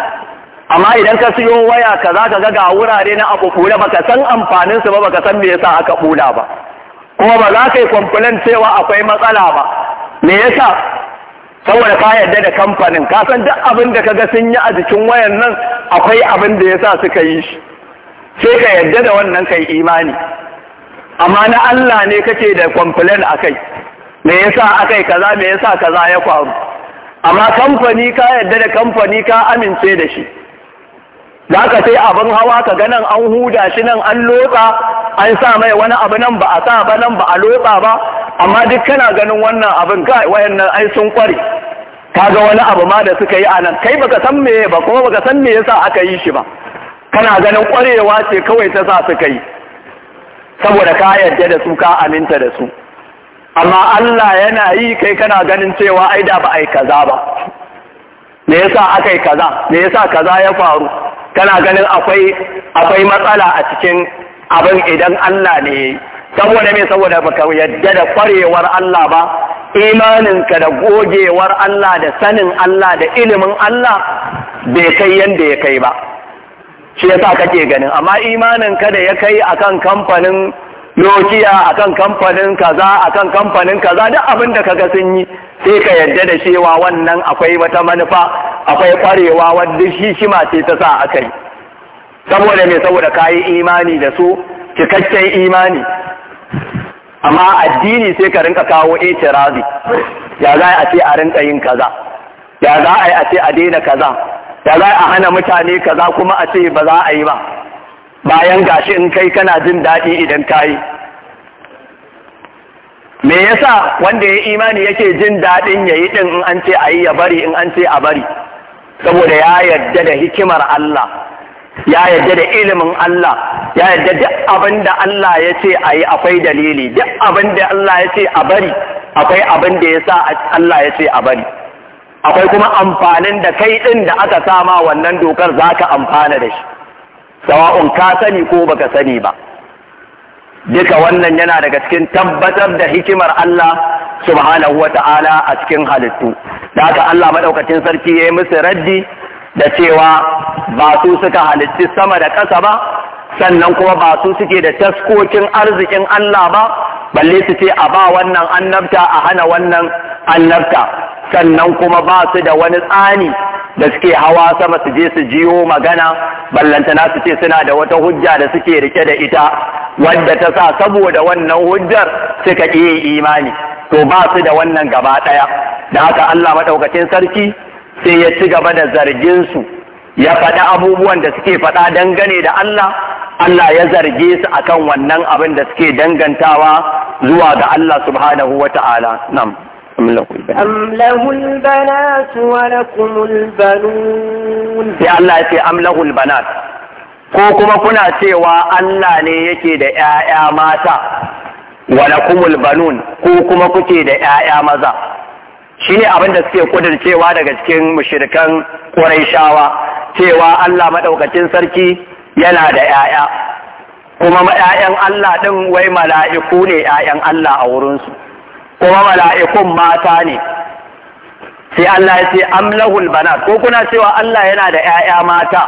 amma idan ka siyo waya ka za ka ga wurare na abu kule baka san amfaninsu ba baka san me yasa aka kula ba kuma ba za ka yi kwamfulan cewa akwai matsala ba me yasa saboda ka yarda da kamfanin ka san duk abin da ka ga sun yi a jikin wayan nan akwai abin da yasa suka yi shi sai ka yarda da wannan kai imani amma na Allah ne kake da complain akai me yasa akai kaza me yasa kaza ya faru amma kamfani ka yadda da kamfani ka amince da shi za ka sai abin hawa ka ga nan an huda shi nan an lotsa an sa mai wani abu nan ba a sa ba nan ba a lotsa ba amma duk kana ganin wannan abin kai wayannan ai sun kware kaga wani abu ma da suka yi a nan kai baka san me ba kuma baka san me yasa aka yi shi ba kana ganin kwarewa ce kawai ta sa suka yi saboda ka yarda da su ka aminta da su amma Allah yana yi kai kana ganin cewa ai da ba ai kaza ba me yasa akai kaza me yasa kaza ya faru kana ganin akwai akwai matsala a cikin abin idan Allah ne saboda me saboda baka yadda da kwarewar Allah ba imanin ka da gogewar Allah da sanin Allah da ilimin Allah bai kai yanda ya kai ba shi yasa kake ganin amma imanin ka da ya kai akan kamfanin Nokia akan kamfanin kaza akan kamfanin kaza duk abin da kaga sun yi sai ka yadda da cewa wannan akwai wata manufa akwai kwarewa wadda shi ma ce ta sa aka yi saboda me saboda kayi imani da su cikakken imani amma addini sai ka rinka kawo itirazi ya za a ce a rinka yin kaza ya za a yi a ce a daina kaza da za a hana mutane kaza kuma a ce ba za a yi ba bayan gashi in kai kana jin daɗi idan ka yi me yasa wanda ya imani yake jin daɗin ya yi ɗin in an ce a yi ya bari in an ce a bari saboda ya yarda da hikimar Allah ya yarda da ilimin Allah ya yarda duk abin da Allah ya ce a yi akwai dalili duk abin da Allah ya ce a bari akwai abin da ya sa Allah ya ce a bari akwai kuma amfanin da kai ɗin da aka sama wannan dokar za ka amfana da shi sawa'un ka sani ko baka sani ba duka wannan yana daga cikin tabbatar da hikimar Allah subhanahu wa ta'ala a cikin halittu da haka Allah maɗaukacin sarki ya yi musu raddi da cewa ba su suka halitti sama da ƙasa ba sannan kuma ba su suke da taskokin arzikin Allah ba balle su ce a ba wannan annabta a hana wannan annabta sannan kuma ba su da wani tsani da suke hawa sama su je su jiyo magana ballantana su ce suna da wata hujja da suke rike da ita wadda ta sa saboda wannan hujjar suka iya imani to ba su da wannan gaba ɗaya da haka Allah maɗaukacin sarki sai ya ci gaba da zargin su ya faɗi abubuwan da suke faɗa dangane da Allah Allah ya zarge su akan wannan abin da suke dangantawa zuwa ga Allah subhanahu wa ta'ala nam amlahul banat wa ko kuma kuna cewa Allah ne yake da 'ya'ya mata wa kumul banun ko kuma kuke da 'ya'ya maza Shi ne abin da suke cewa daga cikin ƙwarai shawa? cewa Allah maɗaukacin sarki yana da ‘ya'ya, kuma ‘ya'yan Allah ɗin wai mala'iku ne ‘ya'yan Allah a wurinsu, kuma mala'ikun mata ne, sai Allah ya ce amlahul banat ko kuna cewa Allah yana da ‘ya'ya mata,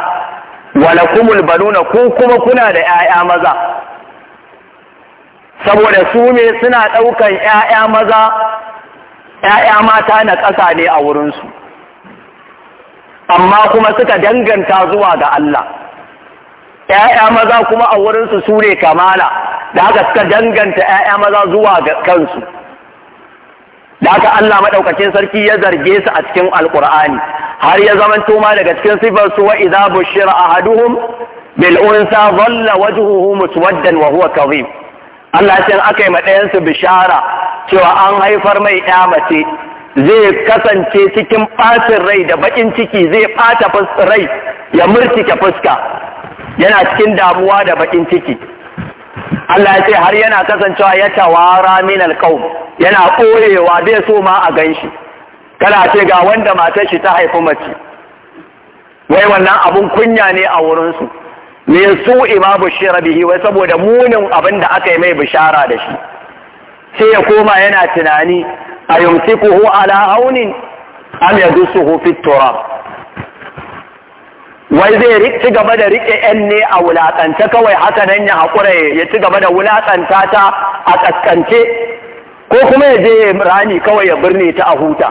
walakumul banuna ko kuma kuna da ‘ya'ya maza. Saboda su ne suna ɗaukan ‘ya'ya ‘ya'ya mata na ƙasa ne a wurinsu. amma kuma suka danganta zuwa ga Allah ‘ya'ya maza kuma a wurinsu su ne kamala da haka suka danganta ‘ya'ya maza zuwa ga kansu da haka Allah maɗaukacin sarki ya zarge su a cikin alƙur'ani har ya zaman toma daga cikin sifarsu wa wa'iza bushira ahaduhum bil waje huhu musu waddan wa huwa kadhib Allah ya ce aka yi bishara cewa an haifar mai ɗa mace zai kasance cikin ɓacin rai da baƙin ciki zai ɓata rai ya murtike fuska yana cikin damuwa da bakin ciki Allah ya ce har yana kasancewa ya tawara min alƙaum yana ɓoyewa bai so ma a gan shi kana ce ga wanda matar shi ta haifi mace wai wannan abun kunya ne a wurinsu me su ima bishira bihi wai saboda munin abin da aka yi mai bishara da shi sai ya koma yana tunani ayumsikuhu ala aunin am ya yadusuhu fi turab wai zai ci gaba da riƙe yan ne a wulaƙanta kawai haka nan ya haƙura ya ci gaba da wulaƙanta ta a ƙasƙance ko kuma ya je ya rani kawai ya birne ta a huta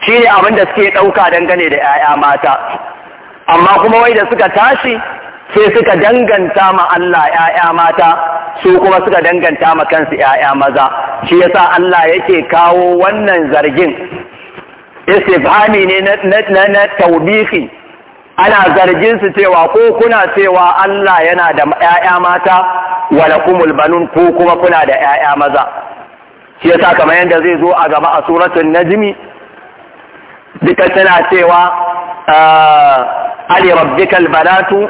shi ne abin da suke ɗauka dangane da 'ya'ya mata amma kuma wai da suka tashi sai suka danganta ma Allah ‘ya'ya mata su kuma suka danganta ma kansu ‘ya'ya maza shi yasa Allah yake kawo wannan zargin istifhami ne na taubihi ana zargin su cewa ko kuna cewa Allah yana da ‘ya'ya mata wala kumul banun ko kuma kuna da ‘ya'ya maza shi yasa kamar yadda zai zo a gaba a suratun najmi duka tana cewa ah, ali rabbikal banatu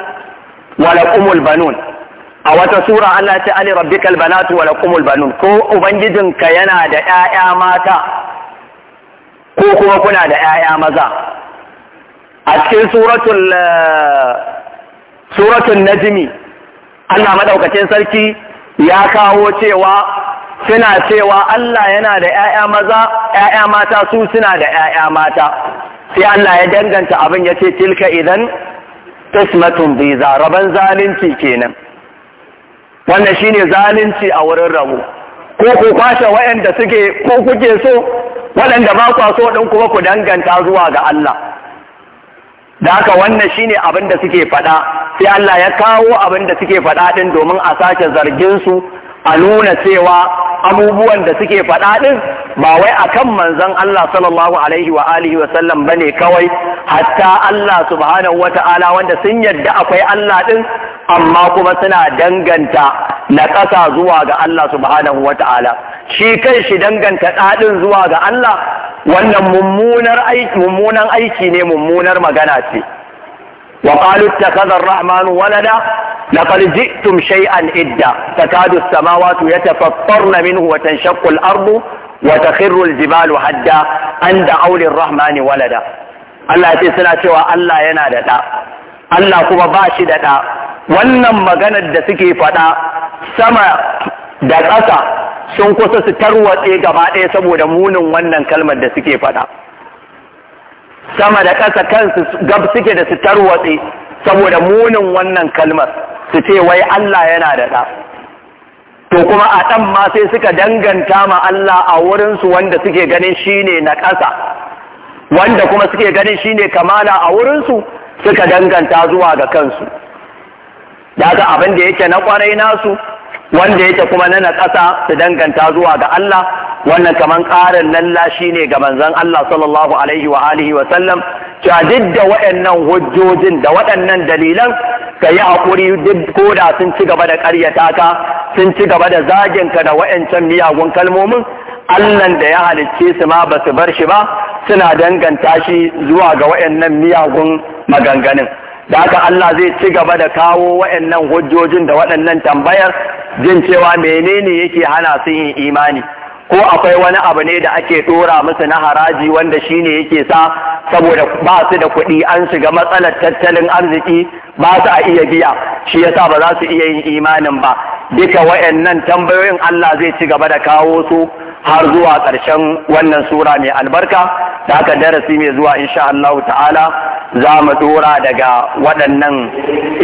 walakumul banun a wata sura Allah ta ali rabbikal banatu walakumul banun ko ubangijinka yana da ƴaƴa mata ko kuma kuna da ƴaƴa maza a cikin suratul eh, suratul najmi Allah madaukakin sarki ya kawo cewa suna cewa Allah yana da ƴaƴa maza, ‘ya'ya mata su suna da ‘ya'ya mata, sai Allah ya danganta abin ya ce tilka idan kismatun biza zaraban zalunci kenan wannan shine zalunci a wurin rabo ko ku kwashe waɗanda suke ko kuke so waɗanda ba ku so din kuma ku danganta zuwa ga Allah da haka wannan shine abin da suke faɗa sai Allah ya kawo abin da suke faɗa ɗin domin a sake zargin su a nuna cewa abubuwan da suke faɗa ɗin ba wai akan manzon Allah sallallahu alaihi wa alihi wa sallam bane kawai hatta Allah subhanahu wata'ala wanda sun yarda akwai Allah din amma kuma suna danganta na ƙasa zuwa ga Allah subhanahu wata'ala shi kai shi danganta ɗaɗin zuwa ga Allah wannan mummunar aiki mummunan aiki ne mummunar magana ce wa qalu ittakhadha ar-rahmanu walada لقد جئتم شيئا إدا تكاد السماوات يتفطرن منه وتنشق ardu. wa takhirru aljibalu hadda an da aulin rahmani walada Allah ce suna cewa Allah yana da ɗa Allah kuma ba shi da ɗa wannan maganar da suke faɗa sama da ƙasa sun kusa su tarwatse gaba ɗaya saboda munin wannan kalmar da suke faɗa sama da ƙasa kansu gab suke da su tarwatse saboda munin wannan kalmar su ce wai Allah yana da ɗa to kuma a ɗan ma sai suka danganta ma Allah a wurinsu wanda suke ganin shine na ƙasa wanda kuma suke ganin shine kamala a wurinsu suka danganta zuwa ga kansu daga abin da yake na kwarai nasu wanda yake kuma na naƙasa su danganta zuwa ga Allah wannan kaman ƙarin lalla ne ga manzon Allah sallallahu alaihi wa alihi wa sallam cewa duk da waɗannan hujjojin da waɗannan dalilan ka yi haƙuri duk da sun ci gaba da ƙaryata ka sun ci gaba da zagin ka da waɗancan miyagun kalmomin Allahn da ya halicce su ma ba su bar shi ba suna danganta shi zuwa ga waɗannan miyagun maganganun da haka Allah zai ci gaba da kawo waɗannan hujjojin da waɗannan tambayar jin cewa menene yake hana su yin imani ko akwai wani abu ne da ake dora musu na haraji wanda shine yake sa saboda ba su da kuɗi an shiga matsalar tattalin arziki ba su a iya biya shi yasa ba za su iya yin imanin ba duka wayannan tambayoyin Allah zai ci gaba da kawo su har zuwa ƙarshen wannan sura mai albarka da haka darasi mai zuwa insha Allah ta'ala za mu dora daga waɗannan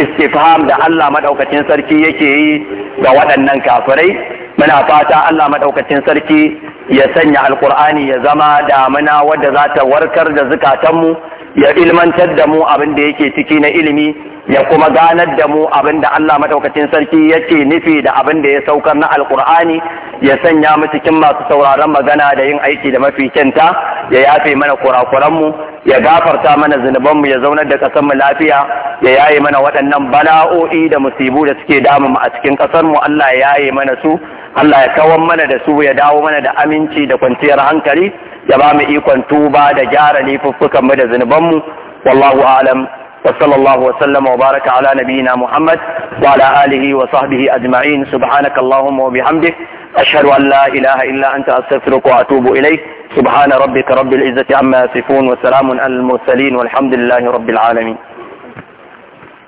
istifham da Allah maɗaukacin sarki yake yi ga waɗannan kafirai muna fata Allah maɗaukacin sarki ya sanya alkur'ani ya zama damuna wadda za ta warkar da zukatanmu ya ilmantar da mu abin da yake ciki na ilimi ya kuma ganar da mu abin da Allah madaukakin sarki yake nufi da abin da ya saukar na alkur'ani ya sanya mu cikin masu sauraron magana da yin aiki da mafi kyanta ya yafe mana kurakuran mu ya gafarta mana zunubanmu ya zaunar da mu lafiya ya yaye mana waɗannan bala'o'i da musibu da suke damu mu a cikin mu Allah ya yaye mana su Allah ya kawar mana da su ya dawo mana da aminci da kwanciyar hankali ya ba mu ikon tuba da gyara laifuffukan mu da zunubanmu wallahu alam wa sallallahu wa sallama wa baraka ala nabiyina muhammad wa ala alihi wa sahbihi ajma'in subhanaka allahumma wa bihamdik ashhadu an la ilaha illa anta astaghfiruka wa atubu ilayk subhana rabbika rabbil izzati amma yasifun wa salamun al mursalin walhamdulillahi rabbil alamin